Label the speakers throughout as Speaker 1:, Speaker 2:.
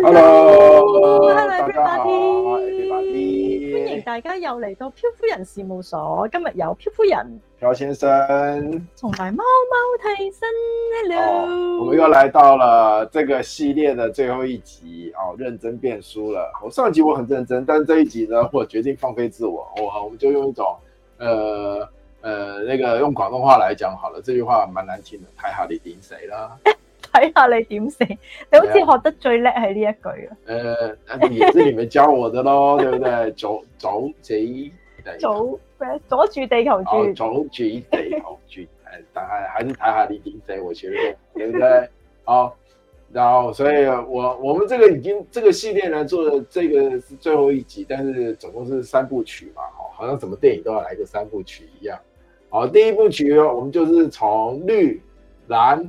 Speaker 1: Hello，Hello，Everybody，大家好，歡迎大家又嚟到漂夫人事務所。今日有漂夫人、
Speaker 2: 漂先生，
Speaker 1: 從來貓貓替身。Hello，我們又來
Speaker 2: 到了這個系列的最後一集哦，認真便輸了，我上一集我很認真，但係這一集呢，我決定放飛自我。我好，我們就用一種，呃，呃，那、這個用廣東話來講，好了，這句話蠻難聽的，睇下你頂誰啦。
Speaker 1: 睇下你點死，你好似學得最叻係呢一句
Speaker 2: 啊！誒、嗯，也是你們教我的咯， 對不對？阻阻子，阻咩？
Speaker 1: 阻住地球轉，阻
Speaker 2: 住地球轉。誒， 但係還是睇下你點仔點死我先，ok？好，然後所以我，我我們這個已經這個系列呢，做，這個是最後一集，但是總共是三部曲嘛，哦，好像什麼電影都要來一個三部曲一樣。好，第一部曲，我們就是從綠藍。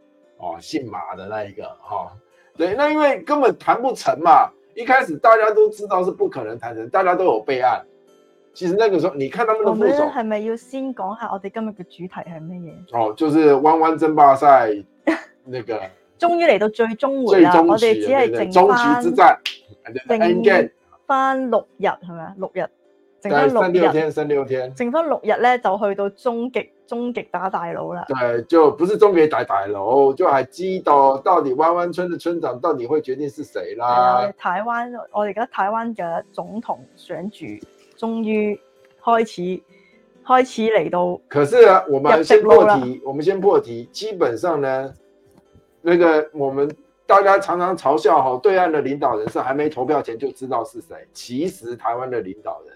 Speaker 2: 哦，姓馬的那一個，哈、哦，對，那因為根本談不成嘛，一開始大家都知道是不可能談成，大家都有備案。其實那個時候，你看他們的副總，
Speaker 1: 係咪要先講下我哋今日嘅主題係乜
Speaker 2: 嘢？哦，就是彎彎爭霸賽，那個
Speaker 1: 終於嚟到最終回啦，最我哋只係剩翻，終局之
Speaker 2: 戰，剩
Speaker 1: 翻六日係咪啊？六日。剩翻六天，剩翻六日咧就去到終極終極打大佬啦。
Speaker 2: 對，就不是終極打大佬，就係知道到底灣灣村的村長到底會決定是誰啦、啊。
Speaker 1: 台灣，我哋而家台灣嘅總統選舉終於開始開始嚟到。可是啊，我們先破題，
Speaker 2: 我們先破題。基本上呢，那個我們大家常常嘲笑嗬，對岸的領導人是還沒投票前就知道是誰。其實台灣的領導人。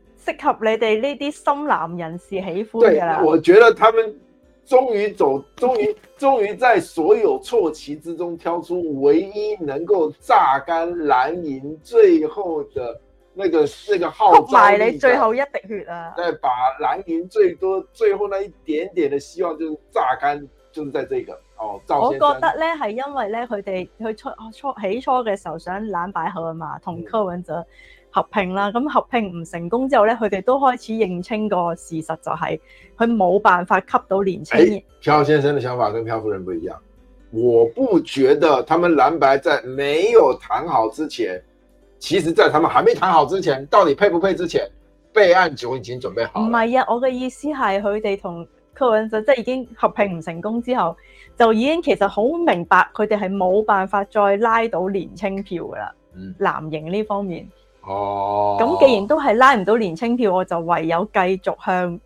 Speaker 1: 適合你哋呢啲深藍人士喜歡嘅啦。我
Speaker 2: 覺得他們終於走，終於，終於在所有錯棋之中挑出唯一能夠榨乾藍營最後的那個那，這個號召埋你最後一滴血啊！係把藍營最多最後那一點點的希望，就是榨乾，就是在這個哦。我覺得咧，
Speaker 1: 係因為咧，佢哋佢初初起初嘅時候想攬白河啊嘛，同柯文哲。嗯合併啦，咁合併唔成功之後咧，佢哋都開始認清個事實，就是，就係佢冇辦法吸到年青人。漂、欸、先
Speaker 2: 生嘅想法跟漂夫人唔一樣，我不覺得。他們藍白在沒有談好之前，其實在他們還沒談好之前，到底配不配之前，備案組已經準備
Speaker 1: 好。唔係啊，我嘅意思係佢哋同邱永即係已經合併唔成功之後就已經其實好明白，佢哋係冇辦法再拉到年青票噶啦。嗯，藍營呢方面。哦，咁既然都係拉唔到年青票，我就唯有繼續向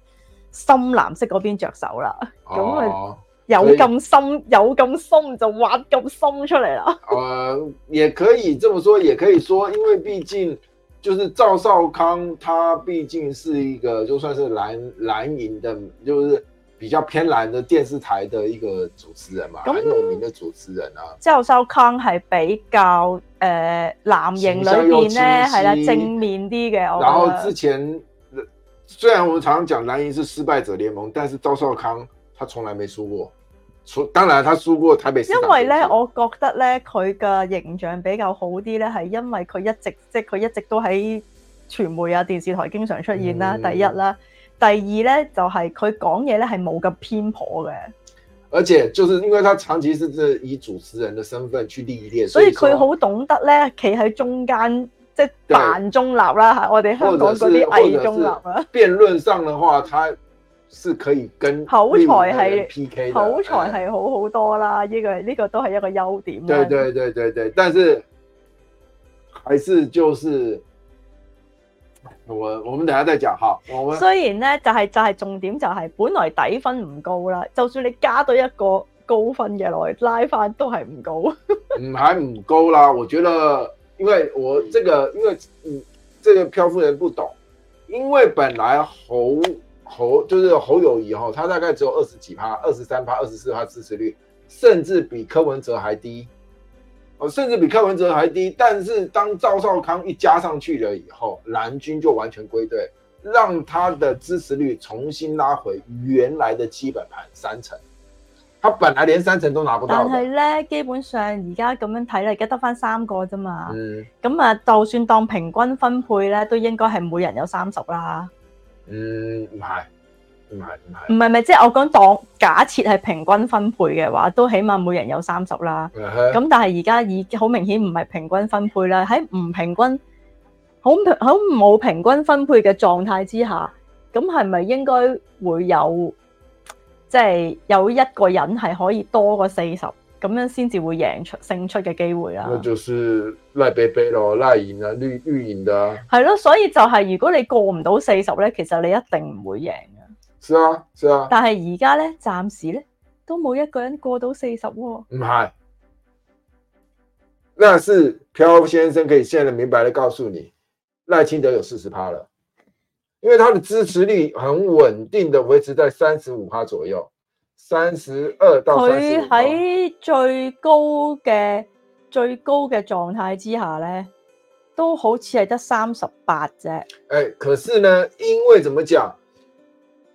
Speaker 1: 深藍色嗰邊着手啦。咁啊、哦，有咁深，以有咁深就挖咁深出嚟啦。誒、
Speaker 2: 呃，也可以這麼說，也可以說，因為畢竟就是趙少康，他畢竟是一個就算是藍藍營的，就是比較偏藍的電視台的一個主持人嘛，嗯、很有名的主持人啊。
Speaker 1: 趙少康係比較。誒、呃，藍營裏面咧係啦，正面啲嘅。然後之
Speaker 2: 前，雖然我哋常常講藍營是失敗者聯盟，但是趙少康他從來沒輸過，除當然他輸過台北市，因為咧，
Speaker 1: 我覺得咧佢嘅形象比較好啲咧，係因為佢一直即係佢一直都喺傳媒啊、電視台經常出現啦，嗯、第一啦，第二咧就係佢講嘢咧係冇咁偏頗嘅。
Speaker 2: 而且就是因為他長期是是以主持人的身份去歷練，所以佢好
Speaker 1: 懂得咧，企喺中間，即係扮中立啦吓，對我哋香港嗰啲偽中立啊。
Speaker 2: 辯論上的話， 他是可以跟的口才係 P K，口
Speaker 1: 才係好好多啦，呢個呢個都係一個優點。對
Speaker 2: 對對對對，但是還是就是。我我們等下再講哈。我，我們雖
Speaker 1: 然呢，就係就係重點就係本來底分唔高啦，就算你加到一個高分嘅落去拉翻都係唔高。唔
Speaker 2: 係唔高啦，我覺得，因為我這個因為嗯，這個漂夫人不懂，因為本來侯侯就是侯友宜哈，他大概只有二十幾趴，二十三趴、二十四趴支持率，甚至比柯文哲還低。甚至比柯文哲還低，但是當趙少康一加上去了以後，藍軍就完全歸隊，讓他的支持率重新拉回原來的基本盤三成。他本來連三成都拿不到。但係
Speaker 1: 呢，基本上而家咁樣睇咧，而家得翻三個啫嘛。嗯。咁啊，就算當平均分配咧，都應該係每人有三十啦。
Speaker 2: 嗯，唔係。唔係
Speaker 1: 唔係，唔係即係我講，當假設係平均分配嘅話，都起碼每人有三十啦。咁。uh huh. 但係而家已好明顯唔係平均分配啦，喺唔平均，好好冇平均分配嘅狀態之下，咁係咪應該會有即係、就是、有一個人係可以多過四十，咁樣先至會贏出勝出嘅機會啊？那就
Speaker 2: 是賴比比咯，賴營啊，綠綠營啊，
Speaker 1: 係咯，所以就係如果你過唔到四十咧，其實你一定唔會贏。
Speaker 2: 是啊，是啊，但
Speaker 1: 係而家咧，暫時咧都冇一個人過到四十喎。
Speaker 2: 唔係，呢個是漂先生可以現在明白的告訴你，賴清德有四十趴了，因為他的支持率很穩定的維持在三十五趴左右，三十二到佢喺
Speaker 1: 最高嘅最高嘅狀態之下咧，都好似係得三十八啫。
Speaker 2: 誒、欸，可是呢，因為怎麼講？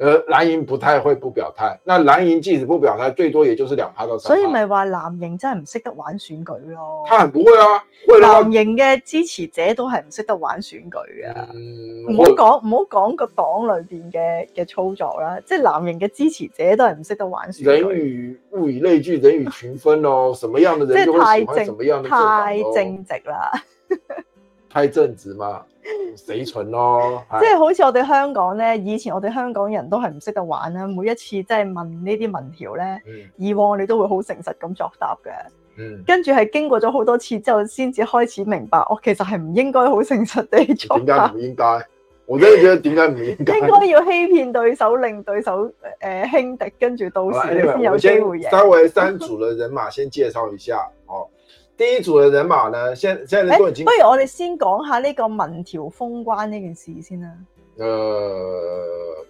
Speaker 2: 而藍營不太會不表態，那藍營即使不表態，最多也就是
Speaker 1: 兩趴到三。所以咪話藍營真係唔識得玩選舉咯，他很不會啊。會的藍營嘅支持者都係唔識得玩選舉啊。唔好講唔好講個黨裏邊嘅嘅操作啦，即係藍營嘅支持者都係唔識得玩選舉。人與物
Speaker 2: 以類聚，人與群分咯， 什麼樣的人就會喜歡什麼樣太
Speaker 1: 正直啦。
Speaker 2: 太正直嘛，死蠢咯！即係好
Speaker 1: 似我哋香港咧，以前我哋香港人都係唔識得玩啦、啊。每一次即係問這些呢啲民調咧，以往我哋都會好誠實咁作答嘅。嗯，跟住係經過咗好多次之後，先至開始明白，我其實係唔應該好誠實地作答。點解唔應該？我都想點解唔應該？ 應該要欺騙對手，令對手誒輕敵，跟住到時你先有機會贏。三
Speaker 2: 位三組嘅人馬，先介紹一下哦。呢一組嘅人馬呢？現現在都已經、欸、不如
Speaker 1: 我哋先講下呢個民調封關呢件事先啦。
Speaker 2: 誒，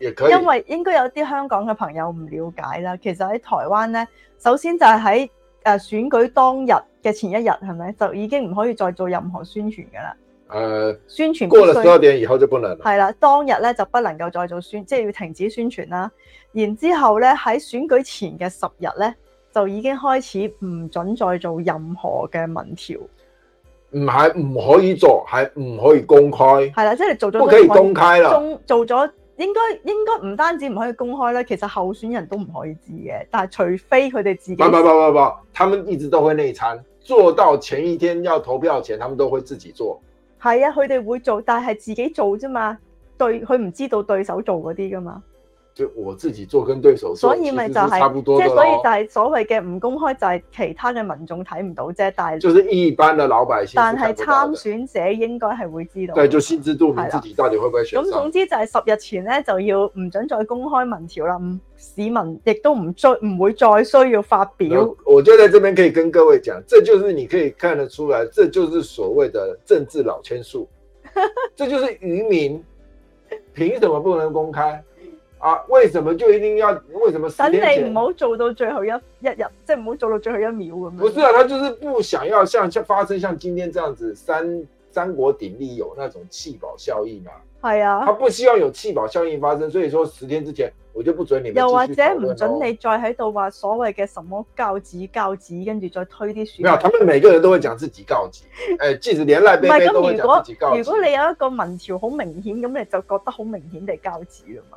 Speaker 2: 也因為
Speaker 1: 應該有啲香港嘅朋友唔了解啦。其實喺台灣咧，首先就係喺誒選舉當日嘅前一日，係咪就已經唔可以再做任何宣傳噶啦？誒，
Speaker 2: 宣傳過咗所有嘢，然後就不能
Speaker 1: 係啦。當日咧就不能夠再做宣，即係要停止宣傳啦。然之後咧喺選舉前嘅十日咧，就已經開始唔准再做任何嘅民調，
Speaker 2: 唔係唔可以做，係唔可以公開，
Speaker 1: 係啦，即係你做咗，唔可以公開啦，做做咗應該應該唔單止唔可以公開啦，其實候選人都唔可以知嘅，但係除非佢哋自己，唔
Speaker 2: 唔唔唔唔，他們一直都會內參，做到前一天要投票前，他們都會
Speaker 1: 自己做，係啊，佢哋會做，但係自己做啫嘛，對，佢唔知道對手做嗰啲噶嘛。
Speaker 2: 就我自己做，跟對手做，所以咪就係即所以就係、是、
Speaker 1: 所謂嘅唔公開，就係其他嘅民眾睇唔到啫。但係就係一
Speaker 2: 般嘅老百姓不不，但係
Speaker 1: 參選者應該係會知道。對，就心知肚明自己到
Speaker 2: 底會唔會選。咁總之
Speaker 1: 就係十日前呢，就要唔准再公開民調啦。嗯，市民亦都唔再唔會再需要發表。
Speaker 2: 我就在這邊可以跟各位講，這就是你可以看得出來，這就是所謂的政治老千術， 這就是愚民憑什麼不能公開？啊，為什麼就一定要？為什麼等你唔好
Speaker 1: 做到最後一一日，即係唔好做到最後一秒咁？不是啊，他
Speaker 2: 就是不想要像，像發生像今天這樣子三三國鼎立有那種棄保效應嘛？
Speaker 1: 係啊，啊他不
Speaker 2: 希望有棄保效應發生，所以說十天之前我就不准你、哦。又或者唔准你
Speaker 1: 再喺度話所謂嘅什麼教子教子，跟住再推啲選票。沒有，他們每
Speaker 2: 個人都會講自己交子誒，即使連賴俾俾唔係咁， 如果如果，如果你
Speaker 1: 有一個民調好明顯咁，你就覺得好明顯地教子啦嘛。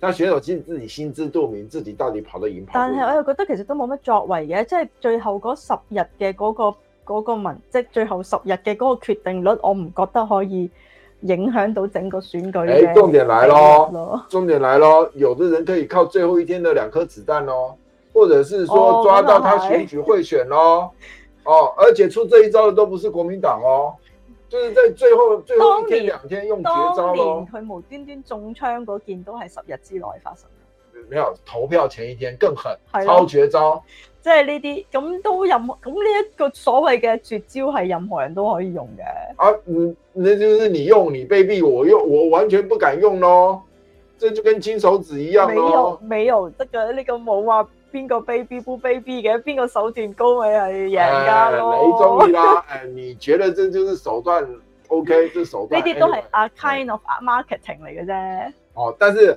Speaker 2: 但選手其實自己心知肚明，自己到底跑得銀牌。但係我
Speaker 1: 又覺得其實都冇乜作為嘅，即、就、係、是、最後嗰十日嘅嗰個文即、就是、最後十日嘅嗰個決定率，我唔覺得可以影響到整個選舉。重、欸、點來咯，
Speaker 2: 重、嗯、點來咯，有的人可以靠最後一天嘅兩顆子彈咯，或者是說抓到他選舉會選咯，哦，哦，而且出這一招的都不是國民黨哦。就是在最後最後一天，兩天用絕招咯。當年佢
Speaker 1: 無端端中槍嗰件都係十日之內發生。沒有，投票前一天更狠，的超絕招。即係呢啲咁都任咁呢一個所謂嘅絕招係任何人都可以用嘅。
Speaker 2: 啊，唔、嗯，呢啲係你用，你卑鄙，我用，我完全不敢用咯。這就跟金手指一樣咯。沒有
Speaker 1: 沒有，這個呢、這個冇啊。邊個卑鄙不卑鄙嘅？邊個手段高咪係贏家咯、呃。你中意啦，
Speaker 2: 誒、 呃，你覺得這就是手段？OK，這手段呢啲都係
Speaker 1: 啊，kind of marketing 嚟嘅啫。
Speaker 2: 哦，但是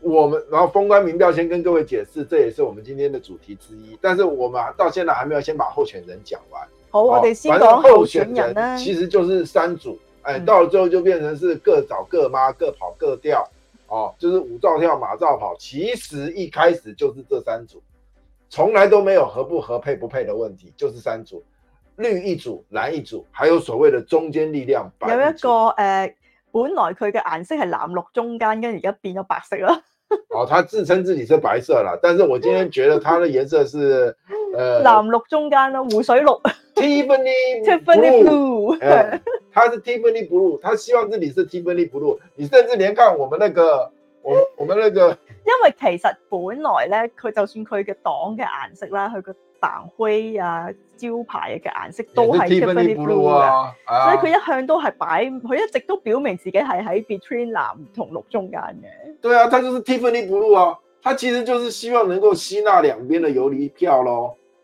Speaker 2: 我們然後封關民調先跟各位解釋，這也是我們今天的主題之一。但是我們到現在還沒有先把候選人講完。
Speaker 1: 好，我哋先講候選人呢。哦、候選人其
Speaker 2: 實就是三組，誒、哎，到了最後就變成是各找各媽，嗯、各跑各調。哦，就是舞照跳，馬照跑，其實一開始就是這三組，從來都沒有合不合、配不配的問題，就是三組，綠一組，藍一組，還有所謂的中間力量，
Speaker 1: 白有一個、呃、本來佢嘅顏色係藍綠中間，跟而家變咗白色
Speaker 2: 了。 哦，他自稱自己是白色啦，但是我今天覺得它的顏色是。 藍
Speaker 1: 綠中間咯，呃、湖水綠。Tiffany Tiffany Blue， 呃、
Speaker 2: 他是 Tiffany Blue，他希望自己是 Tiffany Blue，你甚至連佢我們那個，我我們那個，
Speaker 1: 因為其實本來咧，佢就算佢嘅黨嘅顏色啦，佢嘅黨徽啊、招牌嘅顏色都係 Tiffany Blue 嘅，啊啊、所以佢一向都係擺，佢一直都表明自己係喺 between 藍同綠中間嘅。
Speaker 2: 對啊，佢就是 Tiffany Blue 啊，佢其實就是希望能夠吸納兩邊嘅游離票咯。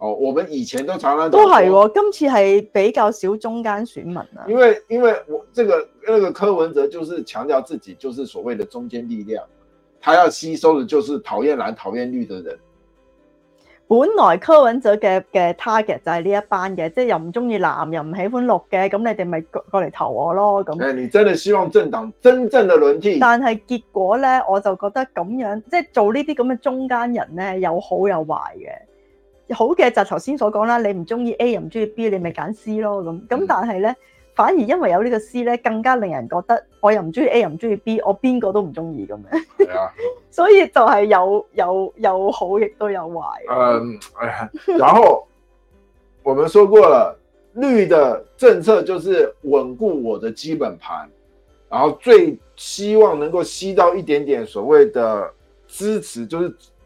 Speaker 2: 哦，我們以前都常常都係、哦，
Speaker 1: 今次係比較少中間選民啊。因
Speaker 2: 為因為我這個、那個柯文哲就是強調自己就是所謂的中間力量，他要吸收的就是討厭藍討厭綠的人。
Speaker 1: 本來柯文哲嘅嘅 target 就係呢一班嘅，即係又唔中意藍又唔喜歡綠嘅，咁你哋咪過嚟投我咯咁、欸。你真係希望政
Speaker 2: 黨真正嘅輪替？
Speaker 1: 但係結果咧，我就覺得咁樣即係做這這呢啲咁嘅中間人咧，有好有壞嘅。好嘅，就頭先所講啦，你唔中意 A 又唔中意 B，你咪揀 C 咯咁。咁但係咧，嗯、反而因為有呢個 C 咧，更加令人覺得我又唔中意 A 又唔中意 B，我邊個都唔中意咁樣。嗯、 所以就係有有有好亦都有壞。誒、嗯，
Speaker 2: 哎，然後我們說過了， 綠的政策就是穩固我的基本盤，然後最希望能夠吸到一點點所謂的支持，就是。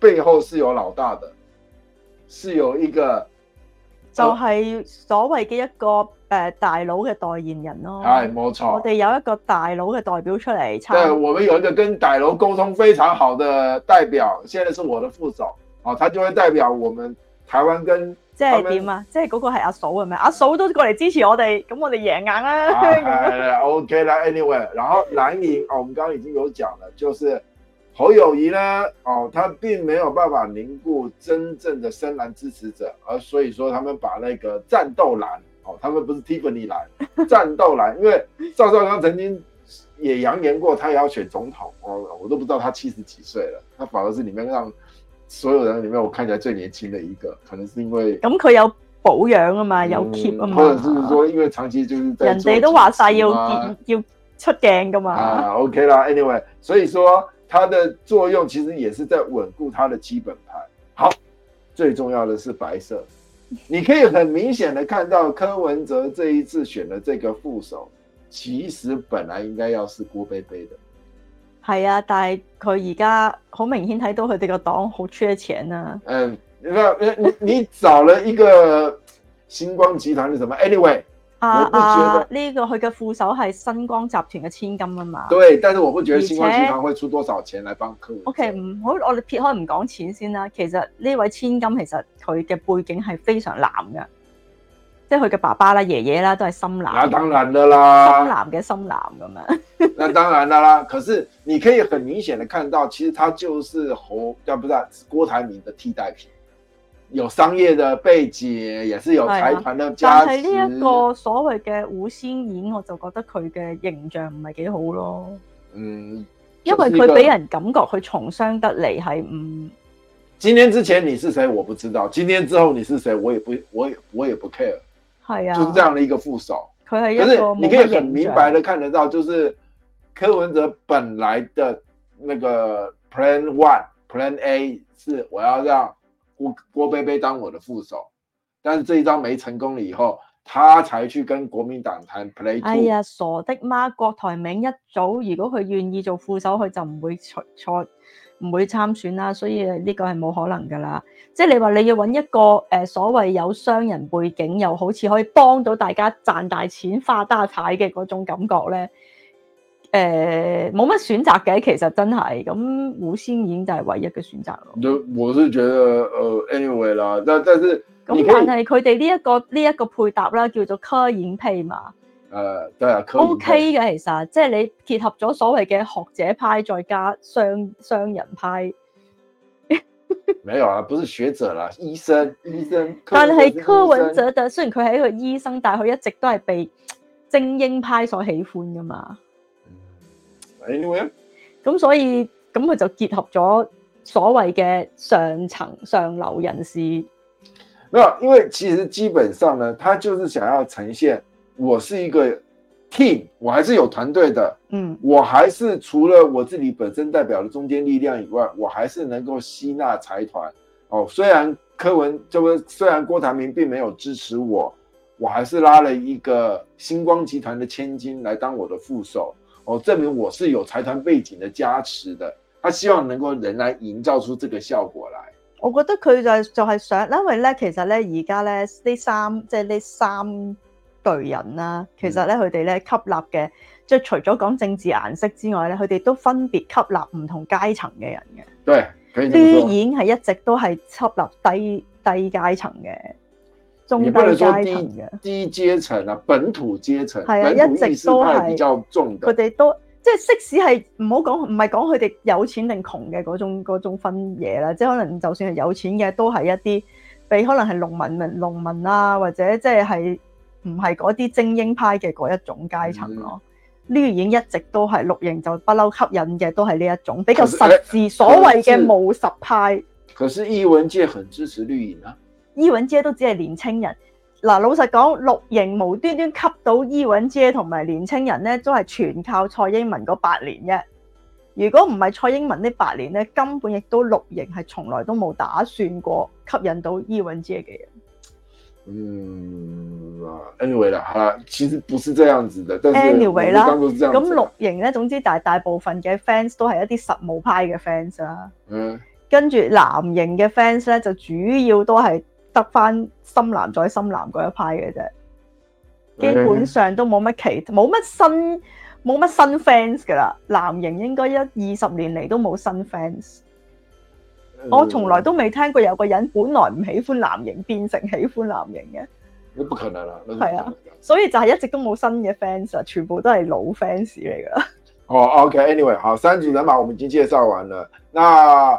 Speaker 2: 背後是有老大的，是有一個，
Speaker 1: 就係所謂嘅一個誒、呃、大佬嘅代言人咯。係冇、哎、錯，我哋有一個大佬嘅代表出嚟撐。對，我們有一
Speaker 2: 個跟大佬溝通非常好嘅代表，現在是我的副手啊、哦，他就會代表我們台
Speaker 1: 灣跟。即係點啊？即係嗰個係阿嫂係咪？阿嫂都過嚟支持我哋，咁我哋贏硬啦。
Speaker 2: OK，來，Anyway，然後藍營、哦、我們剛剛已經有講了，就是。侯友宜呢？哦，他並沒有辦法凝固真正的深藍支持者，而所以說他們把那個戰鬥藍哦，他們不是 Tiffany 藍，戰鬥藍，因為趙少康曾經也揚言過，他也要選總統哦，我都不知道他七十幾歲了，他反而是裏面讓所有人裏面我看起來最年輕的一個，可能
Speaker 1: 是因為咁，佢、嗯、有保養啊嘛，有 keep 啊嘛，或者是說因
Speaker 2: 為長期就是在人哋都話晒要要，
Speaker 1: 要出鏡㗎嘛，啊
Speaker 2: OK 啦，Anyway，所以說。它的作用其實也是在穩固它的基本盤。好，最重要的是白色，你可以很明顯的看到柯文哲這一次選的這個副手，其實本來應該要是郭貝貝的。
Speaker 1: 係啊，但係佢而家好明顯睇到佢哋個黨好缺錢啊。
Speaker 2: 嗯，你你你找了一個星光集團的什麼？Anyway。啊啊！
Speaker 1: 呢個佢嘅副手係新光集團嘅千金啊嘛。對，但是我不覺得新光集團
Speaker 2: 會出多少錢來
Speaker 1: 幫客戶。OK，唔好我哋撇開唔講錢先啦。其實呢位千金其實佢嘅背景係非常藍嘅，即係佢嘅爸爸啦、啊、爺爺啦、啊、都係深藍。啊，當然啦啦。深藍嘅深藍咁樣。
Speaker 2: 那當然啦啦。 可是你可以很明顯的看到，其實他就是侯啊，不是郭台銘嘅替代品。有商業的背景，也是有財團的加持、啊。但係呢一個
Speaker 1: 所謂嘅吳欣盈，我就覺得佢嘅形象唔係幾好咯。嗯，就是、
Speaker 2: 因為佢俾人
Speaker 1: 感覺佢從商得嚟係唔。嗯、
Speaker 2: 今天之前你是誰，我不知道；嗯、今天之後你是誰，我也不，我也我也不 care。
Speaker 1: 係啊，就是這樣
Speaker 2: 的一個副手，佢
Speaker 1: 係一個，可你可以很明白
Speaker 2: 的看得到，就是柯文哲本來的那個 Plan One、Plan A 是我要讓。郭伯伯當我嘅副手，但是這一招沒成功了，以後他才去跟國民黨談 play。哎呀，
Speaker 1: 傻的嗎？郭台銘一早，如果佢願意做副手，佢就唔會錯錯唔會參選啦，所以呢個係冇可能噶啦。即係你話你要搵一個誒、呃、所謂有商人背景，又好似可以幫到大家賺大錢、花大財嘅嗰種感覺咧。誒，冇乜、欸、選擇嘅，其實真係咁，吳欣盈就係唯一嘅選擇咯。我
Speaker 2: 都是覺得，誒、呃、anyway 啦，但但是咁，但係
Speaker 1: 佢哋呢一個呢一、這個配搭啦，叫做柯盈配嘛，
Speaker 2: 誒、呃，都係、啊、OK 嘅，
Speaker 1: 其實即係你結合咗所謂嘅學者派，再加商商人派，
Speaker 2: 沒有啊，不是學者啦，醫生，醫生，但係柯文哲，
Speaker 1: 就雖然佢係一個醫生，但係佢一直都係被精英派所喜歡噶嘛。咁 Anyway? 所以咁佢就結合咗所謂嘅上層上流人士。
Speaker 2: 嗱，因為其實基本上呢，他就是想要呈現我是一個 team，我還是有團隊的。嗯，我還是除了我自己本身代表的中堅力量以外，我還是能夠吸納財團。哦，雖然柯文，即雖然郭台銘並沒有支持我，我還是拉了一個星光集團的千金來當我的副手。我、哦、證明我是有財團背景的加持的，他、啊、希望能夠仍然營造出這個效果來。
Speaker 1: 我覺得佢就就係想，因為咧，其實咧，而家咧呢三即係呢三隊人啦、啊，其實咧佢哋咧吸納嘅，即係除咗講政治顏色之外咧，佢哋都分別吸納唔同階層嘅人嘅。
Speaker 2: 對，呢啲已經
Speaker 1: 係一直都係吸納低低階層嘅。中低階層嘅，你不能講
Speaker 2: 低，對低階層啊，本土階層，對一直都係比較重，佢哋
Speaker 1: 都即係，即使係唔好講，唔係講佢哋有錢定窮嘅嗰種，種分野啦。即係可能就算係有錢嘅，都係一啲比可能係農民民農民啊，或者即係係唔係嗰啲精英派嘅嗰一種階層咯、啊。已經、嗯、一直都係綠營就不嬲吸引嘅，都係呢一種比較實質是所謂嘅務實派可。可是，藝文
Speaker 2: 界很支持綠營啊。
Speaker 1: 伊允姐都只係年青人，嗱老實講，綠營無端端吸到伊允姐同埋年青人咧，都係全靠蔡英文嗰八年啫。如果唔係蔡英文呢八年咧，根本亦都綠營係從來都冇打算過吸引到伊允姐嘅人。嗯
Speaker 2: anyway 啦，好、anyway, 其實不是這樣子的，樣子的，Anyway 啦，咁綠
Speaker 1: 營咧，總之大大部分嘅 fans 都係一啲實務派嘅 fans 啦。嗯。跟住藍營嘅 fans 咧，就主要都係。得翻深藍再深藍嗰一派嘅啫，基本上都冇乜奇，冇乜新，冇乜新 fans 噶啦。藍營應該一二十年嚟都冇新 fans，我從來都未、嗯、聽過有個人本來唔喜歡藍營，變成喜歡藍營嘅。
Speaker 2: 你不可能啦、啊，係啊，
Speaker 1: 所以就係一直都冇新嘅 fans，全部都係老 fans 嚟噶。
Speaker 2: 哦、oh,，OK，Anyway，、okay, 好，三組人馬我們已經介紹完了，那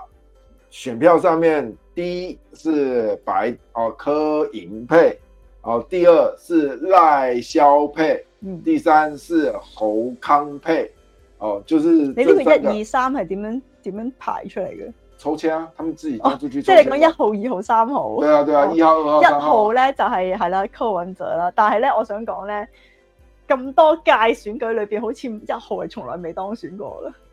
Speaker 2: 選票上面。第一是白哦、啊、柯盈配，哦、啊、第二是賴蕭配，第三是侯康配。哦、啊、就是你呢個一
Speaker 1: 二三係點樣點樣排出嚟嘅？
Speaker 2: 抽籤啊，他們自己即係、啊哦就是、你講一
Speaker 1: 號、二號、三號。對啊，對啊，對啊、哦，二號、一號、一號咧就係係啦柯文哲啦。但係咧，我想講咧，咁多屆選舉裏邊，好似一號係從來未當選過啦。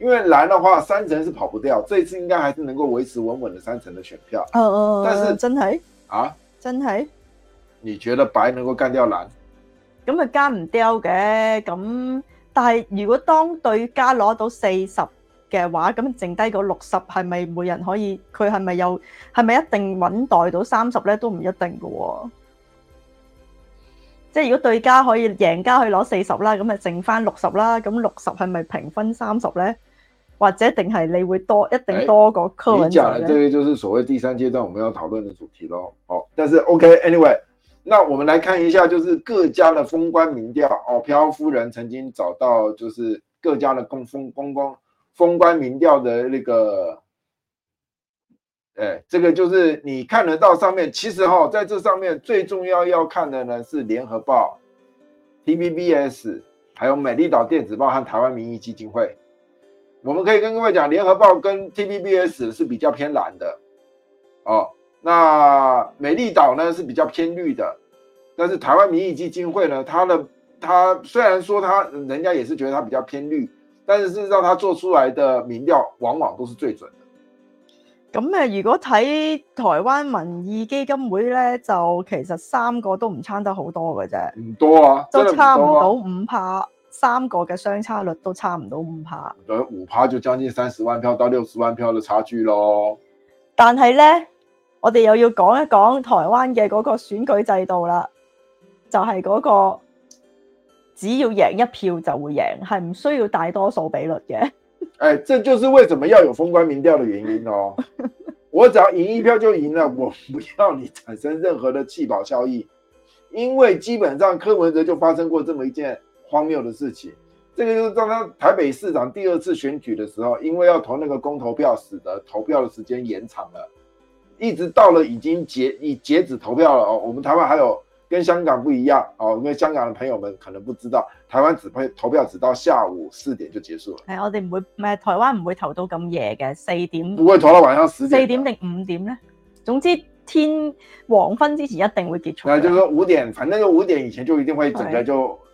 Speaker 2: 因為藍的話，三成是跑不掉，這次應該還是能夠維持穩穩的三成的選票。哦哦哦。但是真係啊，真係，你覺得白能夠幹掉藍？
Speaker 1: 咁咪加唔掉嘅，咁但係如果當對家攞到四十嘅話，咁剩低個六十係咪每人可以？佢係咪又係咪一定穩袋到三十咧？都唔一定噶。即係如果對家可以贏家去攞四十啦，咁咪剩翻六十啦，咁六十係咪平分三十咧？或者一定係你會多一定多個客人、哎、你講的這個就
Speaker 2: 是所謂第三階段我們要討論的主題咯。好、哦，但是 OK，anyway，、okay, 那我們來看一下，就是各家的封關民調。哦，漂夫人曾經找到就是各家的公封公公封關民調的那個，誒、哎，這個就是你看得到上面。其實哈，在這上面最重要要看的呢是聯合報、TVBS，還有美麗島電子報和台灣民意基金會。我們可以跟各位講，《聯合報》跟 TVBS 是比較偏藍的，哦，那美麗島呢是比較偏綠的，但是台灣民意基金會呢，它的它雖然說它，人家也是覺得它比較偏綠，但是事實上它做出來的民調往往都是最準的。
Speaker 1: 咁誒、呃，如果睇台灣民意基金會咧，就其實三個都唔差得好多嘅啫，唔
Speaker 2: 多啊，都差唔到
Speaker 1: 五趴。三個嘅相差率都差唔多五趴，
Speaker 2: 咁五趴就將近三十萬票到六十萬票嘅差距咯。
Speaker 1: 但係咧，我哋又要講一講台灣嘅嗰個選舉制度啦，就係嗰個只要贏一票就會贏，係唔需要大多數比率嘅。
Speaker 2: 誒，這就是為什麼要有封關民調嘅原因咯。 我只要贏一票就贏啦，我唔要你產生任何嘅棄保效益，因為基本上柯文哲就發生過這麼一件。荒謬的事情，這個就是剛剛台北市長第二次選舉的時候，因為要投那個公投票，使得投票的時間延長了，一直到了已經截已截止投票了哦。我們台灣還有跟香港不一樣哦，因為香港的朋友們可能不知道，台灣只會投票只到下午四點就結
Speaker 1: 束了。哎，我哋唔會，台灣唔會投到咁夜嘅四點，不會投到晚上十點。四點定五點呢？總之天黃昏之前一定會結束。那就是
Speaker 2: 五點，反正就五點以前就一定會整個就。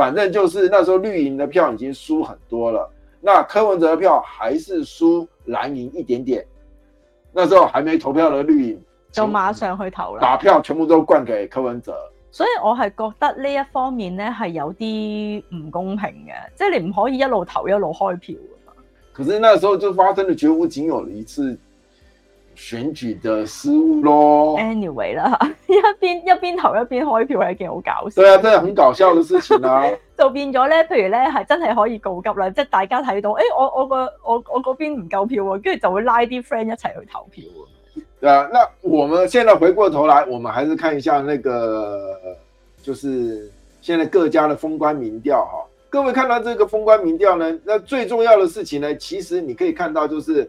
Speaker 2: 反正就是那時候綠營的票已經輸很多了，那柯文哲的票還是輸藍營一點點。那時候還沒投票的綠營
Speaker 1: 就馬上去投了，把票
Speaker 2: 全部都灌給柯文哲。
Speaker 1: 所以我係覺得呢一方面咧係有啲唔公平嘅，即係你唔可以一路投一路開票噶嘛。
Speaker 2: 可是那時候就發生了絕無僅有嘅一次。選舉的失誤咯，anyway 啦，
Speaker 1: 一邊一邊投一邊開票係一件好搞笑，對啊，
Speaker 2: 真係很搞笑嘅事情啦。
Speaker 1: 就變咗咧，譬如咧係真係可以告急啦，即係大家睇到，誒，我我個我我嗰邊唔夠票啊，跟住就會拉啲 friend 一齊去投票啊。
Speaker 2: 嗱，那我們現在回過頭來，我們還是看一下那個，就是現在各家的封關民調哈。各位看到這個封關民調呢，那最重要的事情呢，其實你可以看到就是。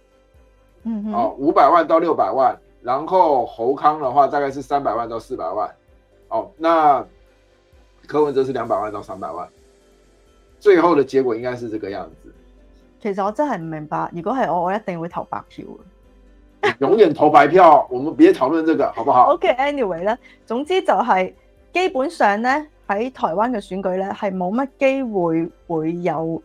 Speaker 2: 嗯，哦，五百萬到六百萬，然後侯康的話，大概是三百萬到四百萬，哦，那柯文哲是兩百萬到三百萬，最後的結果應該是這個樣子。
Speaker 1: 其實我真係唔明白，如果係我，我一定會投白票。
Speaker 2: 永遠投白票， 我們別討論這個，好不好
Speaker 1: ？OK，Anyway 咧，okay, anyway, 總之就係基本上咧喺台灣嘅選舉咧係冇乜機會會有誒、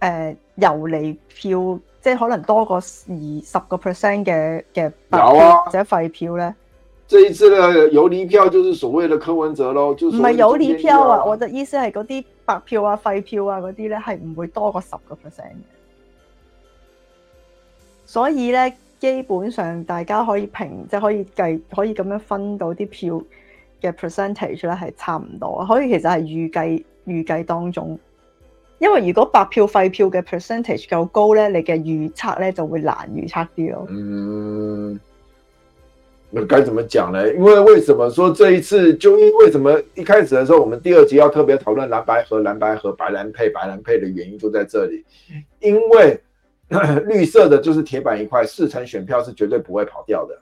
Speaker 1: 呃、游離票。即係可能多過二十個 percent 嘅嘅白票或者廢票咧，
Speaker 2: 呢一次咧游離票就是所謂嘅柯文哲咯，唔係游離票啊！
Speaker 1: 我嘅意思係嗰啲白票啊、廢票啊嗰啲咧係唔會多過十個 percent 嘅，所以咧基本上大家可以平，即係可以計，可以咁樣分到啲票嘅 percentage 咧係差唔多，可以其實係預計預計當中。因為如果白票廢票嘅 percentage 夠高呢，你嘅預測呢就會難預測啲咯。嗯，
Speaker 2: 那該怎麼講呢？因為為什麼說這一次就因為，為什麼一開始嘅時候，我們第二集要特別討論藍白合藍白合白藍配白藍配的原因就在這裏，因為綠色的就是鐵板一塊，四成選票是絕對不會跑掉的，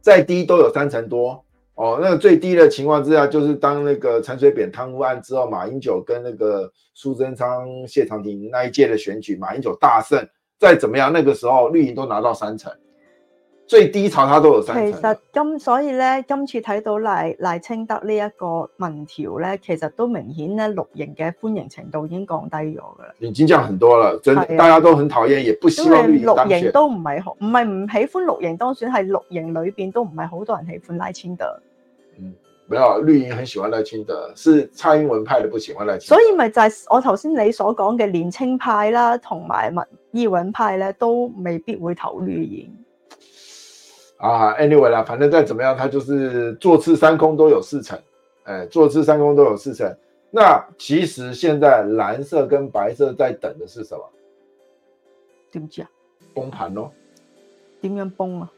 Speaker 2: 再低都有三成多。哦，那個最低的情況之下，就是當那個陳水扁貪污案之後，馬英九跟那個蘇貞昌、謝長廷那一屆的選舉，馬英九大勝，再怎麼樣，那個時候綠營都拿到三成，最低潮他都有三成。其實
Speaker 1: 今所以呢，今次睇到賴賴清德呢一個民調咧，其實都明顯咧綠營嘅歡迎程度已經降低咗噶啦，
Speaker 2: 已經降很多啦，真、啊、大家都很討厭，也不，希望不，不，不喜歡綠營都
Speaker 1: 唔係好，唔係唔喜歡綠營當選，係綠營裏邊都唔係好多人喜歡賴清德。
Speaker 2: 冇啊，綠營很喜歡賴清德，是蔡英文派的不喜歡賴清德，所
Speaker 1: 以咪就係我頭先你所講嘅年輕派啦，同埋文、英文派咧，都未必會投綠營。
Speaker 2: 啊，anyway 啦，反正再怎麼樣，他就是坐吃山空都有四成，誒、哎，坐吃山空都有四成。那其實現在藍色跟白色在等的是什麼？
Speaker 1: 對唔住啊，
Speaker 2: 崩盤咯。
Speaker 1: 點樣崩啊？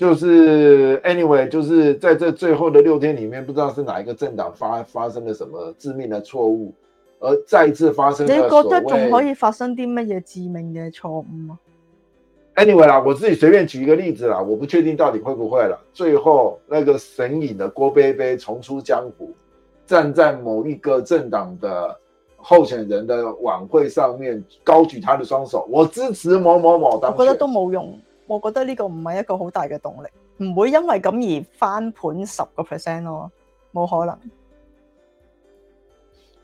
Speaker 2: 就是 anyway，就是在這最後的六天裏面，不知道是哪一個政黨發發生了什麼致命的錯誤，而再次發生。你覺得仲可
Speaker 1: 以發生啲乜嘢致命嘅錯誤啊
Speaker 2: ？Anyway 啦，我自己隨便舉一個例子啦，我不確定到底會不會啦。最後那個神隱的郭杯杯重出江湖，站在某一個政黨的候選人的晚會上面，高舉他的雙手，我支持某某某。我覺得
Speaker 1: 都冇用。我覺得呢個唔係一個好大嘅動力，唔會因為咁而翻盤十個 percent 咯，冇可能。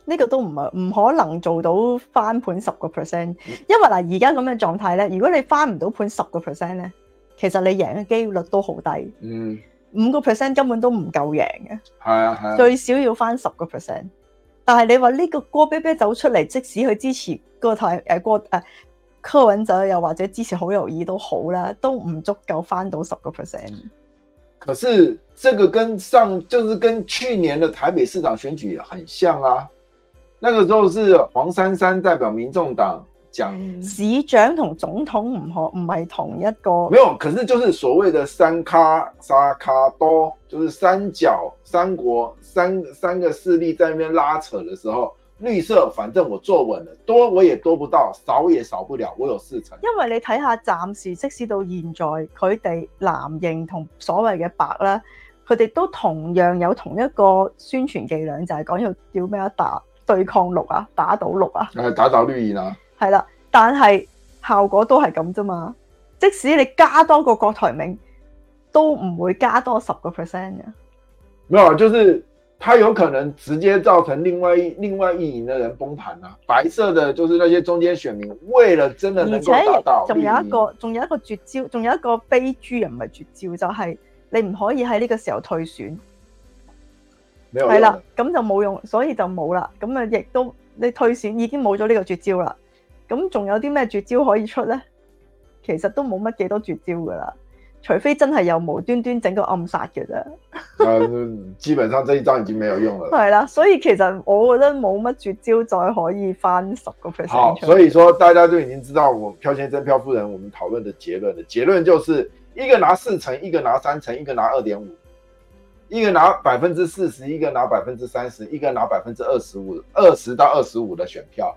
Speaker 1: 呢、這個都唔係唔可能做到翻盤十個 percent，因為嗱而家咁嘅狀態咧，如果你翻唔到盤十個 percent 咧，其實你贏嘅幾率都好低。嗯，五個 percent 根本都唔夠贏嘅。係啊係啊，啊最少要翻十個 percent。但係你話呢個郭 b a 走出嚟，即使佢支持個台誒郭誒。呃柯文哲又或者支持侯友宜都好啦，都唔足夠返到十個 percent。
Speaker 2: 可是，這個跟上就是跟去年的台北市長選舉很像啊。那個時候是黃珊珊代表民眾黨講市
Speaker 1: 長同總統唔同，唔係同一個。沒有，可
Speaker 2: 是就是所謂的三卡、三卡多，就是三角、三國、三三個勢力在那邊拉扯的時候。綠色，反正我坐穩了，多我也多不到，少也少不了，我有四成。
Speaker 1: 因為你睇下暫時，暫時即使到現在，佢哋藍營同所謂嘅白啦，佢哋都同樣有同一個宣傳伎倆，就係、是、講要叫咩啊，打對抗綠啊，打倒綠啊，係打倒綠營啊，係啦，但係效果都係咁啫嘛。即使你加多個郭台銘，都唔會加多十個 percent 嘅。
Speaker 2: 沒有，就是。它有可能直接造成另外另外一營的人崩盤啦、啊。白色的就是那些中間選民，為了真的能夠達到，仲有一個
Speaker 1: 仲有一個絕招，仲有一個悲豬人。唔係絕招，就係、是、你唔可以喺呢個時候退選。係啦，咁就冇用，所以就冇啦。咁啊，亦都你退選已經冇咗呢個絕招啦。咁仲有啲咩絕招可以出呢？其實都冇乜幾多絕招噶啦。除非真係有無端端整個暗殺嘅啫，
Speaker 2: 基本上這一張已經沒有用
Speaker 1: 了啦， 所以其實我覺得冇乜絕招再可以翻十個百分點。好，所以
Speaker 2: 說大家就已經知道我漂先生、漂夫人，我們討論的結論了。結論就是一個拿四成，一個拿三成，一個拿二點五，一個拿百分之四十，一個拿百分之三十，一個拿百分之二十五，二十到二十五的選票。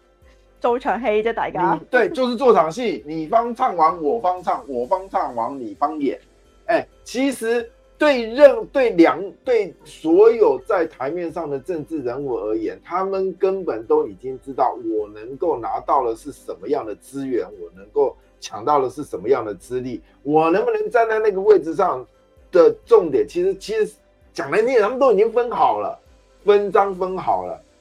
Speaker 1: 做場戲，啫，大家、嗯。對，就
Speaker 2: 是做場戲。你方唱完，我方唱；我方唱完，你方演。誒、欸，其實對任對兩對所有在台面上的政治人物而言，他們根本都已經知道我能夠拿到的是什麼樣的資源，我能夠搶到的是什麼樣的資歷，我能不能站在那個位置上，的重點其實其實講嚟講去，他們都已經分好了，分贓分好了。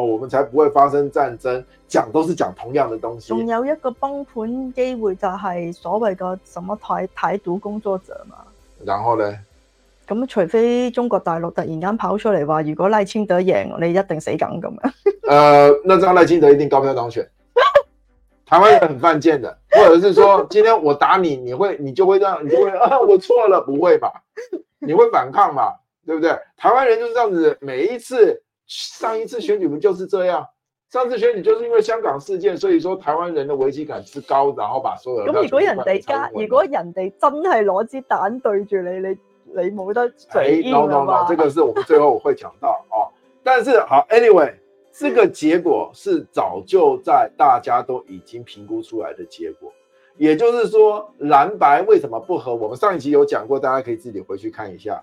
Speaker 2: 哦、我們才不會發生戰爭，講都是講同樣的東西。仲
Speaker 1: 有一個崩盤機會就係所謂嘅什麼台台獨工作者嘛。然後呢，咁、嗯、除非中國大陸突然間跑出嚟話，如果賴清德贏，你一定死梗咁樣。
Speaker 2: 那嗱，張賴清德一定高票當選。台灣人很犯賤的， 或者是說，今天我打你，你會你就會這樣，你就會啊，我錯了，不會吧？你會反抗嘛？對不對？台灣人就是這樣子，每一次。 上一次選舉不就是這樣？上次選舉就是因為香港事件，所以說台灣人的危機感是高，然後把所有的，的如人。如果
Speaker 1: 人哋加，如果人哋真係攞支蛋對住你，你你冇得隨意 No No No，這個
Speaker 2: 是我們最後會講到啊。 但是好，Anyway，這個結果是早就在大家都已經評估出來的結果，嗯、也就是說藍白為什麼不和？我們上一集有講過，大家可以自己回去看一下。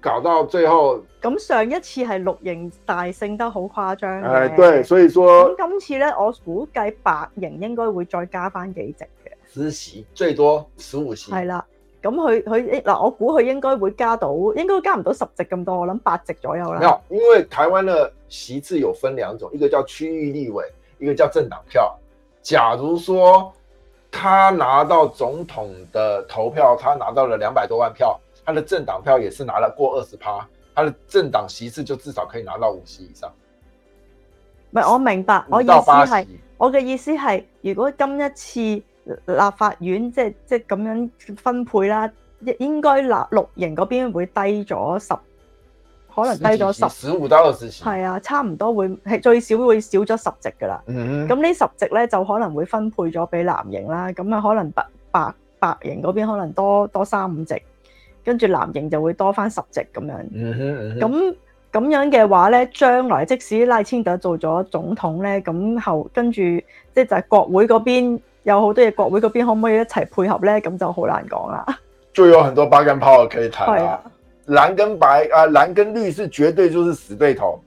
Speaker 2: 搞到最後，
Speaker 1: 咁、嗯、上一次係綠營大勝得好誇張嘅。誒、對，所以講咁、嗯、今次呢，我估計白營應該會再加翻幾席嘅。
Speaker 2: 十席最多十五席，係
Speaker 1: 啦，咁佢佢嗱，我估佢應該會加到，應該加唔到十席咁多，我諗八席左右啦。冇，
Speaker 2: 因為台灣嘅席次有分兩種，一個叫區域立委，一個叫政黨票。假如說他拿到總統的投票，他拿到了兩百多萬票。他的政黨票也是拿了過二十趴，他的政黨席次就至少可以拿到五十以上。
Speaker 1: 唔係我明白，我意思係我嘅意思係，如果今一次立法院即係即係咁樣分配啦，一應該立六營嗰邊會低咗十，可能低咗十十五到二十。係啊，差唔多會係最少會少咗十席噶啦。嗯，咁呢十席咧就可能會分配咗俾藍營啦，咁啊可能白白白營嗰邊可能多多三五席。跟住藍營就會多翻十席咁樣，咁咁、嗯嗯、樣嘅話咧，將來即使賴清德做咗總統咧，咁後跟住即係就係國會嗰邊有好多嘢，國會嗰邊可唔可以一齊配合咧？咁就好難講啦。
Speaker 2: 就有很多八間炮可以睇，係啊，啊藍跟白啊，藍跟綠是絕對就是死對頭。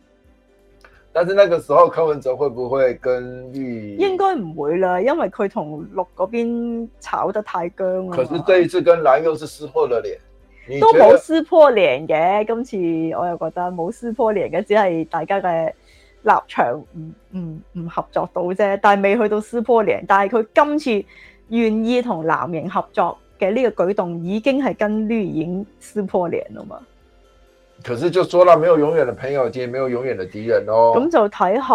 Speaker 2: 但是那個時候柯文哲會不會跟綠？應
Speaker 1: 該唔會啦，因為佢同綠嗰邊炒得太僵啦。可是這一次
Speaker 2: 跟藍又是撕破了臉。
Speaker 1: 都冇撕破臉嘅，今次我又覺得冇撕破臉嘅，只係大家嘅立場唔唔唔合作到啫，但係未去到撕破臉。但係佢今次願意同藍營合作嘅呢個舉動，已經係跟綠營已經撕破臉啊嘛。
Speaker 2: 可是就説啦，沒有永遠的朋友，亦沒有永遠嘅敵人哦。咁
Speaker 1: 就睇下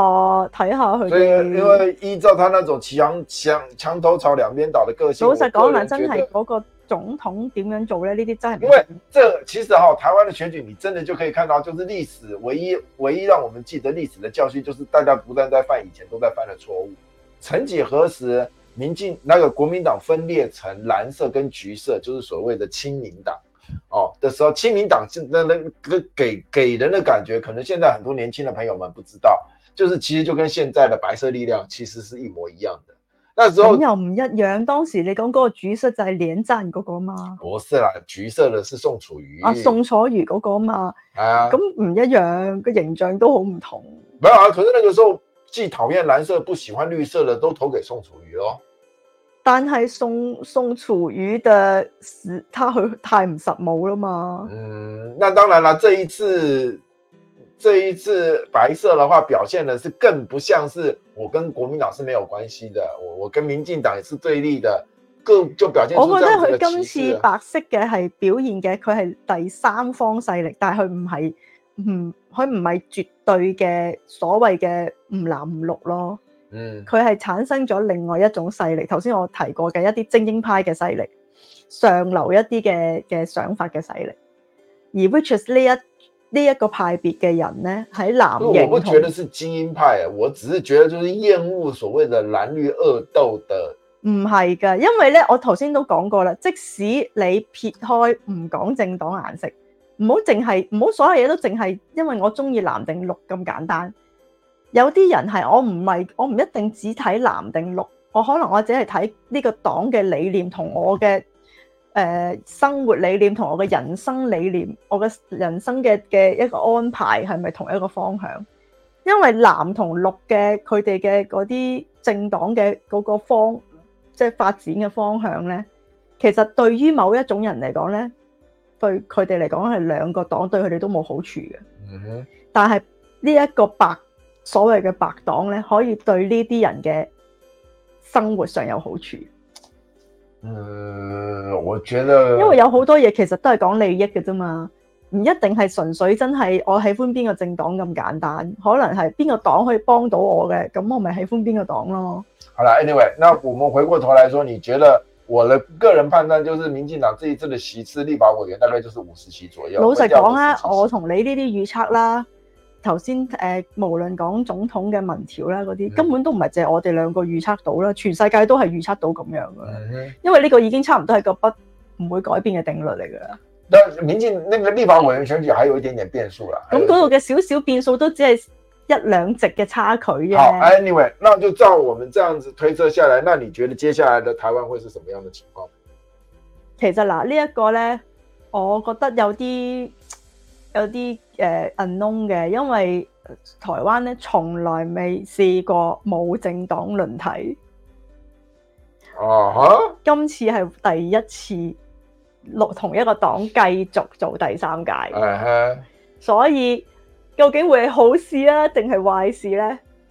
Speaker 1: 睇下佢。因因為
Speaker 2: 依照他那種牆牆牆頭草兩邊倒嘅個性，老實講啦，我覺得真係
Speaker 1: 嗰、那個。總統點樣做呢？呢啲真係因為
Speaker 2: 這，其實哈，台灣的選舉你真的就可以看到，就是歷史唯一唯一讓我們記得歷史的教訓，就是大家不斷在犯以前都在犯的錯誤。曾幾何時，民進，那個國民黨分裂成藍色跟橘色，就是所謂的親民黨。哦，的時候清，親民黨是，那那個給給人的感覺，可能現在很多年輕的朋友們不知道，就是其實就跟現在的白色力量其實是一模一樣的。
Speaker 1: 款又唔一樣，當時你講嗰個主色就係兩盞嗰個嘛，
Speaker 2: 不、哦、是啦、啊，橘色的係宋楚瑜啊，宋
Speaker 1: 楚瑜嗰個嘛，啊，咁唔一樣，個形象都好唔同，
Speaker 2: 沒有啊，可是那個時候既討厭藍色，不喜歡綠色的都投給宋楚瑜咯，
Speaker 1: 但係宋宋楚瑜的實，他佢太唔實冇啦嘛，嗯，
Speaker 2: 那當然啦，這一次。這一次白色的話表現的是更不像是我跟國民黨是沒有關係的，我我跟民進黨也是對立的。更就就我覺得佢今次
Speaker 1: 白色嘅係表現嘅佢係第三方勢力，但係佢唔係唔佢唔係絕對嘅所謂嘅唔藍唔綠咯。嗯，佢係產生咗另外一種勢力。頭先我提過嘅一啲精英派嘅勢力，上流一啲嘅嘅想法嘅勢力，而 w i c h 呢一呢一個派別嘅人呢，喺藍營。我不覺得是
Speaker 2: 精英派啊，我只是覺得就是厭惡所謂嘅藍綠惡鬥的。
Speaker 1: 唔係噶，因為呢，我頭先都講過啦。即使你撇開唔講政黨顏色，唔好淨係，唔好所有嘢都淨係，因為我中意藍定綠咁簡單。有啲人係我唔係，我唔一定只睇藍定綠，我可能我只係睇呢個黨嘅理念同我嘅。誒，生活理念同我嘅人生理念，我嘅人生嘅嘅一個安排係咪同一個方向？因為藍同綠嘅佢哋嘅嗰啲政黨嘅嗰個方，即係發展嘅方向咧，其實對於某一種人嚟講咧，對佢哋嚟講係兩個黨對佢哋都冇好處嘅。但係呢一個白所謂嘅白黨咧，可以對呢啲人嘅生活上有好處。
Speaker 2: 嗯，我覺得因為有
Speaker 1: 好多嘢其實都係講利益嘅啫嘛，唔一定係純粹真係我喜歡邊個政黨咁簡單，可能係邊個黨可以幫到我嘅，咁我咪喜歡邊個黨咯。
Speaker 2: 好啦，Anyway，那我們回過頭來說，你覺得我的個人判斷就是民進黨這一次的席次立法委員大概就是五十席左右。老實講啊，
Speaker 1: 我同你呢啲預測啦。頭先誒，無論講總統嘅民調，啦，嗰啲根本都唔係淨係我哋兩個預測到啦，全世界都係預測到咁樣噶啦。因為呢個已經差唔多係個不唔會改變嘅定律嚟噶啦。
Speaker 2: 但係民進那個立法委員選舉還有一點點變數啦。咁
Speaker 1: 嗰度嘅少少變數都只係一兩席嘅差距嘅。好，Anyway，
Speaker 2: 那就照我們這樣子推測下來，那你覺得接下來的台灣會是什麼樣的情況？
Speaker 1: 其實嗱，這個、呢一個咧，我覺得有啲。有啲誒、uh, unknown 嘅，因為台灣咧從來未試過冇政黨輪替。
Speaker 2: 哦、uh，huh?
Speaker 1: 今次係第一次落同一個黨繼續做第三屆，uh huh. 所以究竟會係好事啊，定係壞事呢？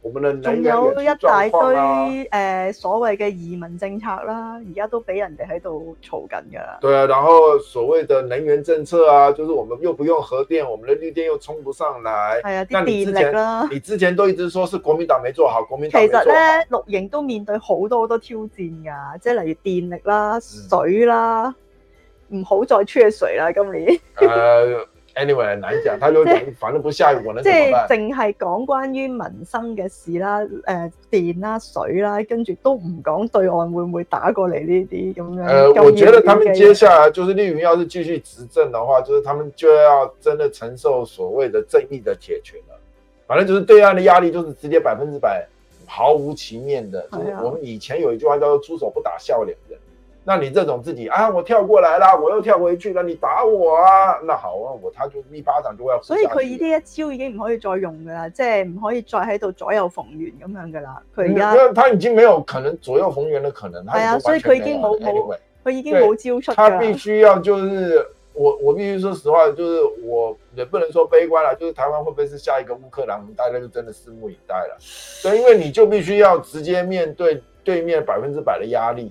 Speaker 2: 我們的、啊，仲有一大堆
Speaker 1: 誒、呃、所謂嘅移民政策啦，而家都俾人哋喺度吵緊噶。
Speaker 2: 對啊，然後所謂嘅能源政策啊，就是我們又不用核電，我們的綠電又充不上來。係啊，啲電力啦。你之前都一直說是國民黨沒做好，國民黨其實呢
Speaker 1: 綠營都面對好多好多挑戰㗎，即係例如電力啦、水啦，唔好、嗯、再缺水啦，今年。
Speaker 2: 呃 Anyway，難講，他如果反正不下雨，我即係淨
Speaker 1: 係講關於民生嘅事啦，誒，電啦、水啦，跟住都唔講對岸會唔會打過嚟呢啲咁樣。誒，我覺得他們接下
Speaker 2: 來就是綠營，要是繼續執政的話，就是他們就要真的承受所謂的正義的鐵拳啦。反正就是對岸的壓力，就是直接百分之百，毫無情面的。係啊。我們以前有一句話叫做出手不打笑臉嘅。那你這種自己啊，我跳過來了，我又跳回去了，你打我啊？那好啊，我他就一巴掌就要了。所以，他以
Speaker 1: 這一招已經唔可以再用噶啦，即係唔可以再喺度左右逢源咁樣噶啦。佢而家，
Speaker 2: 因為他已經沒有可能左右逢源的可能，係啊，所以佢已經冇冇，
Speaker 1: 佢 anyway 已經冇招出。他必須
Speaker 2: 要就是我，我必須說實話，就是我也不能說悲觀啦，就是台灣會不會是下一個烏克蘭？我們大家就真的拭目以待了。所以因為你就必須要直接面對對面百分之百的壓力。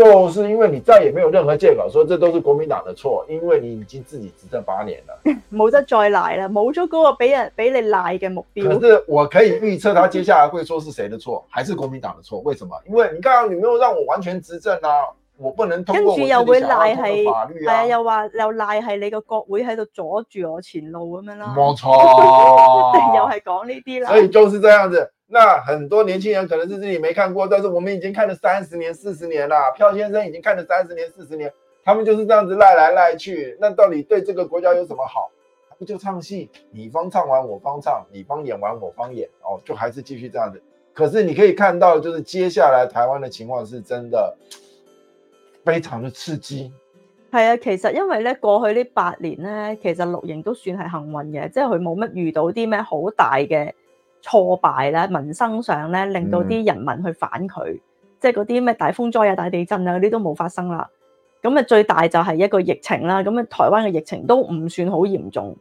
Speaker 2: 就是因為你再也沒有任何借口說這都是國民黨的錯，因為你已經自己執政八年
Speaker 1: 了，冇得再賴了，冇咗嗰個俾人俾你賴嘅目標。可
Speaker 2: 是我可以預測，他接下來會說是誰的錯，還是國民黨的錯？為什麼？因為你剛剛你沒有讓我完全執政啦、啊，我不能通過跟住、啊、又會賴係係啊，
Speaker 1: 又話又賴係你個國會喺度阻住我前路咁樣啦。冇錯、啊，一定 又係講呢啲啦。所以
Speaker 2: 就是這樣子。那很多年輕人可能是自己沒看過，但是我們已經看了三十年、四十年了。漂先生已經看了三十年、四十年，他們就是這樣子賴來賴去。那到底對這個國家有什麼好？他不就唱戲？你方唱完我方唱，你方演完我方演，哦，就還是繼續這樣子。可是你可以看到，就是接下來台灣的情況是真的非常的刺激。
Speaker 1: 係啊，其實因為呢，過去呢八年呢，其實綠營都算係幸運嘅，即係佢冇乜遇到啲咩好大嘅。挫敗咧，民生上咧，令到啲人民去反佢，嗯、即係嗰啲咩大風災啊、大地震啊嗰啲都冇發生啦。咁啊，最大就係一個疫情啦。咁啊，台灣嘅疫情都唔算好嚴重，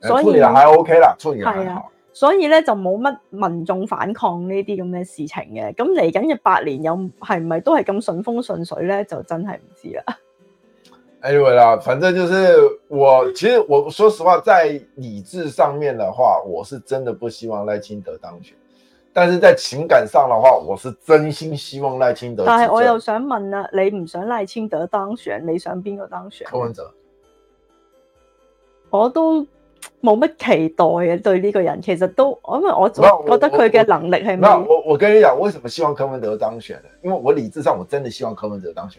Speaker 1: 所以係 OK 啦，出年係啊，所以咧就冇乜民眾反抗呢啲咁嘅事情嘅。咁嚟緊嘅八年又係唔係都係咁順風順水咧？就真係唔知啦。
Speaker 2: anyway 啦，反正就是我，其實我說實話，在理智上面的話，我是真的不希望賴清德當選，但是在情感上的話，我是真心希望賴清德。但是我又
Speaker 1: 想問啊，你唔想賴清德當選，你想邊個當選？柯文哲，我都冇乜期待嘅、啊、對呢個人，其實都，因為我總覺得佢嘅能力係冇。我
Speaker 2: 我跟你講，我為什麼希望柯文哲當選呢？因為我理智上，我真的希望柯文哲當選。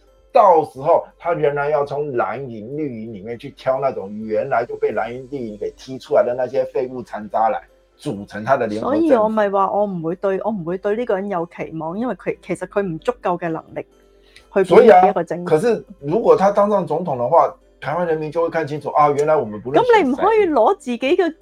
Speaker 2: 到時候他仍然要從藍營綠營裏面去挑那種原來就被藍營綠營給踢出來的那些廢物殘渣，來組成他的聯合。所以我
Speaker 1: 咪話我唔會對，我唔會對呢個人有期望，因為其其實佢唔足夠嘅能力去個政。所以啊，可是
Speaker 2: 如果他當上總統的話，台灣人民就會看清楚啊，原來我們不。咁你唔可以
Speaker 1: 攞自己嘅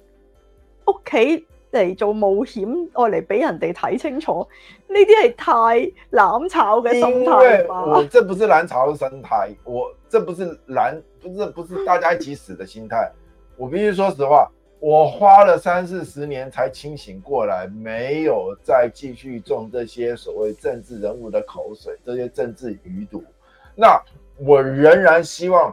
Speaker 1: 屋企，嚟做冒險，愛嚟俾人哋睇清楚，呢啲係太攬炒嘅心態？因為我這
Speaker 2: 不是攬炒嘅心態，我這不是攬，不是不是大家一起死嘅心態 我必須說實話，我花了三四十年才清醒過來，沒有再繼續中這些所謂政治人物的口水，這些政治餘毒，那我仍然希望。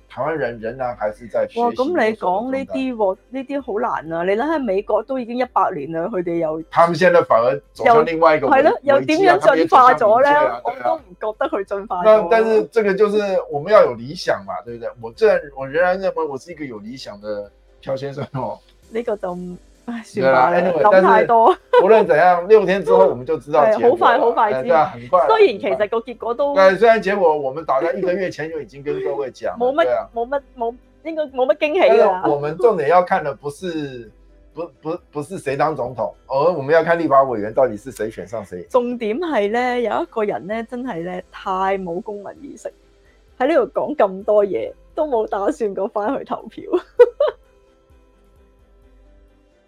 Speaker 2: 台灣人仍然還是在哇，咁你講呢啲
Speaker 1: 呢啲好難啊！你諗下美國都已經一百年啦，佢哋有。他們
Speaker 2: 現在反而走咗另外一個係咯，又點樣進化咗咧？我
Speaker 1: 都唔覺得佢進化。但但是
Speaker 2: 這個就是我們要有理想嘛，對不對？我這我仍然認為我是一個有理想的漂先生哦。
Speaker 1: 呢個都。算啦，對啦，諗太
Speaker 2: 多是。無論怎樣，六 天之後我們就知道結果，好、嗯欸、快，好快知。雖然
Speaker 1: 以快其實個結果都……
Speaker 2: 雖然結果，我們大概一個月前就已經跟各位講。冇乜 麼，
Speaker 1: 冇乜、啊，冇應該冇乜驚喜、啊、
Speaker 2: 我們重點要看的不是，不不，不是誰當總統，而我們要看立法委員到底是誰選上誰。
Speaker 1: 重點係咧，有一個人咧，真係咧太冇公民意識，喺呢度講咁多嘢，都冇打算過翻去投票。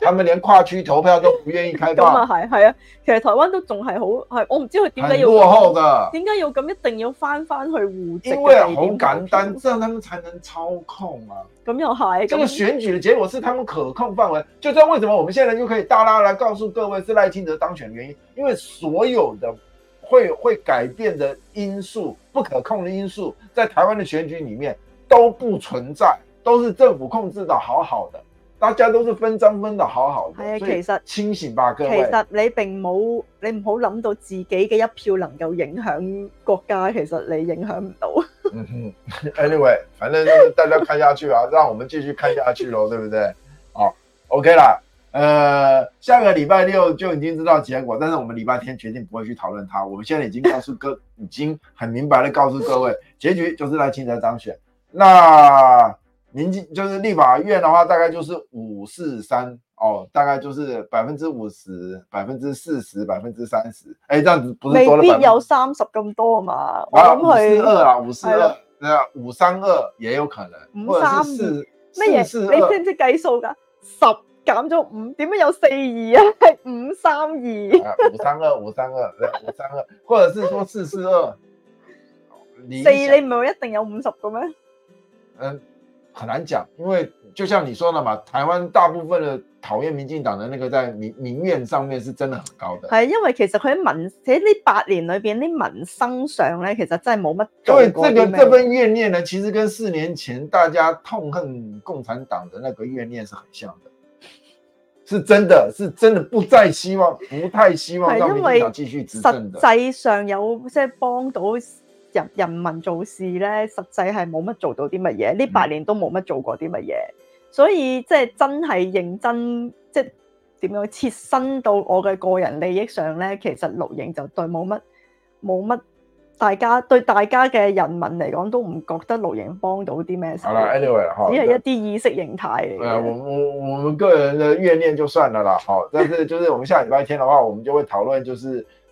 Speaker 2: 他們連跨區投票都不願意開放。咁啊係，
Speaker 1: 啊，其實台灣都仲係好係，我唔知佢點解要落後嘅，點解要咁一定要翻翻去烏？因為好簡單，這樣他們才能操控啊。咁又係，咁選舉
Speaker 2: 的結果是他們可控範圍就算為什麼我們現在就可以大拉來告訴各位，是賴清德當選的原因，因為所有的會，會改變的因素、不可控的因素，在台灣的選舉裏面都不存在，都是政府控制得好好的。大家都是分贓分的好好的。其實，所以清醒吧，各位。其實
Speaker 1: 你並冇，你唔好諗到自己嘅一票能夠影響國家，其實你影響唔到。嗯
Speaker 2: 哼，anyway，反正就是大家看下去啊， 讓我們繼續看下去咯，對不對？好 o、OK、k 啦，誒、呃，下個禮拜六就已經知道結果，但是我們禮拜天決定不會去討論它。我們現在已經告訴各， 已經很明白的告訴各位，結局就是賴清德當選。那。民主就是立法院的話，大概就是五四三哦，大概就是百分之五十、百分之四十、百分之三十。誒、欸，這樣子
Speaker 1: 不是了未必有三十咁多嘛？我諗去四二啊，五四二，
Speaker 2: 誒，五三二也有可能。五三四咩嘢？42，你知唔
Speaker 1: 知計數噶？十減咗五，點解有四二啊？係五三二，五三
Speaker 2: 二，五三二，五三二，或者是說四四二。四你
Speaker 1: 唔係話一定有五十個咩？嗯。
Speaker 2: 很難講，因為就像你說的嘛，台灣大部分的討厭民進黨的那個在民民怨上面是真的很高的。係
Speaker 1: 因為其實佢喺民喺呢八年裏邊，啲民生上咧，其實真係冇乜。對，這個這份
Speaker 2: 怨念呢，其實跟四年前大家痛恨共產黨的那個怨念是很像的。是真的，的是真的，不再希望，不太希望讓民進黨繼續執
Speaker 1: 政的。因為實際上有即係幫到。人人民做事咧，實際係冇乜做到啲乜嘢，呢八年都冇乜做過啲乜嘢，嗯、所以即係真係認真，即係點樣切身到我嘅個人利益上咧，其實錄影就對冇乜冇乜，大家對大家嘅人民嚟講都唔覺得錄影幫到啲咩事。好啦，anyway，只係一啲意識形態。我
Speaker 2: 我、嗯嗯、我，我個人嘅怨念就算啦啦。好， 但是就是，我們下禮拜天嘅話，我們就會討論，就是。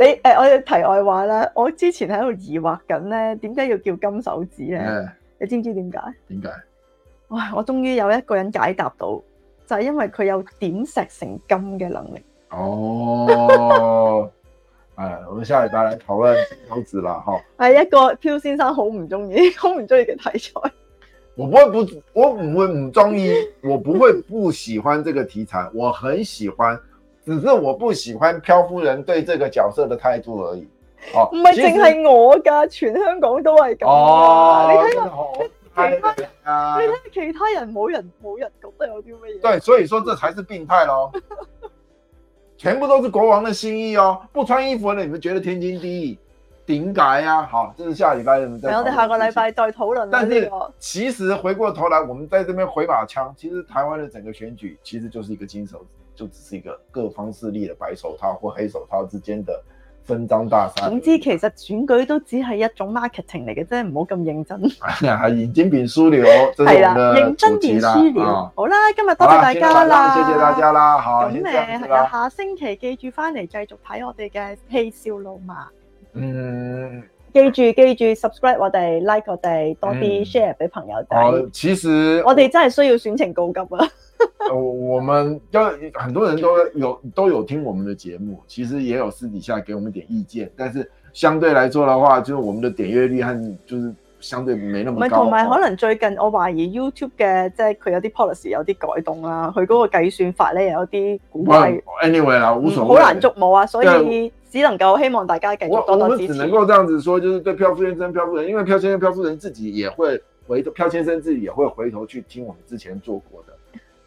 Speaker 1: 你誒、呃，我嘅題外話啦，我之前喺度疑惑緊咧，點解要叫金手指咧？嗯、你知唔知點解？點解？哇！我終於有一個人解答到，就係、是、因為佢有點石成金嘅能力。
Speaker 2: 哦，誒、 哎，我下禮拜嚟討論金手指啦，嗬。
Speaker 1: 係一個漂先生好唔中意、好唔中意嘅題材。
Speaker 2: 我不會不，我唔會唔中意，我不會不喜歡這個題材，我很喜歡。只是我不喜歡漂夫人對這個角色的態度而已，哦，唔係淨係
Speaker 1: 我家全香港都係咁、啊。哦，你看看其他人啊，冇人冇人覺得有啲
Speaker 2: 乜
Speaker 1: 嘢？
Speaker 2: 對，所以說這才是病態咯。 全部都是國王的新衣哦，不穿衣服呢？你們覺得天經地義，點解啊！好、哦，這、就是下禮拜我們再，嗯、我哋下個禮拜
Speaker 1: 再討論。但是，這個、
Speaker 2: 其實回過頭來，我們在這邊回馬槍，其實台灣的整個選舉其實就是一個金手指。就只是一個各方勢力嘅白手套或黑手套之間嘅分贓大殺，
Speaker 1: 總之，其實選舉都只係一種 marketing 嚟嘅啫，唔好咁認真。
Speaker 2: 係認真便輸了，係啦，認真便輸了。
Speaker 1: 好啦，今日多謝，啦謝，謝大家啦，謝謝大家啦吓。咁誒、嗯，下星期記住翻嚟繼續睇我哋嘅《嬉笑怒罵》。嗯記，記住記住，subscribe 我哋，like 我哋多啲，share 俾朋友，嗯哦。
Speaker 2: 其實我
Speaker 1: 哋真係需要選情告急啊！
Speaker 2: 呃、我們要很多人都有都有聽我們的節目，其實也有私底下給我們點意見，但是相對來說的話，就是我們的點閱率還就是相對沒那麼高。同埋可
Speaker 1: 能最近我懷疑 YouTube 嘅，即係佢有啲 policy 有啲改動啊，佢嗰個計算法咧有啲古怪。
Speaker 2: Well, anyway 啦，無所謂，好、嗯、難捉
Speaker 1: 摸啊，所以嘿嘿只能夠希望大家繼續多多支持。我，我們只能
Speaker 2: 夠這樣子說，就是對漂先生、漂夫人，因為漂先生、漂夫人自己也會回頭，漂先生自己也會回頭去聽我們之前做過的。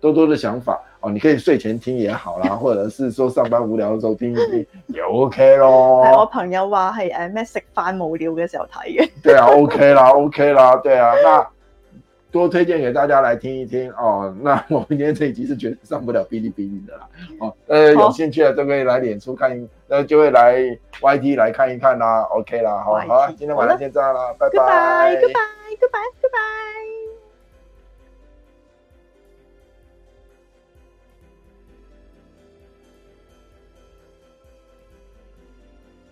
Speaker 2: 多多的想法哦，你可以睡前聽也好啦，或者是說上班無聊的時候聽一聽也 OK 咯。我
Speaker 1: 朋友話係誒咩食飯無聊嘅時候睇嘅。
Speaker 2: 對啊，OK 啦，OK 啦，對啊，那多推薦給大家來聽一聽哦。那我們今天這一集是絕對上不了嗶哩嗶哩的啦。哦，呃，有興趣的都可以來演出看，呃，就會來 YT 來看一看啦。OK 啦，好，好，今天晚上先這樣啦，拜拜。拜拜，
Speaker 1: 拜拜。拜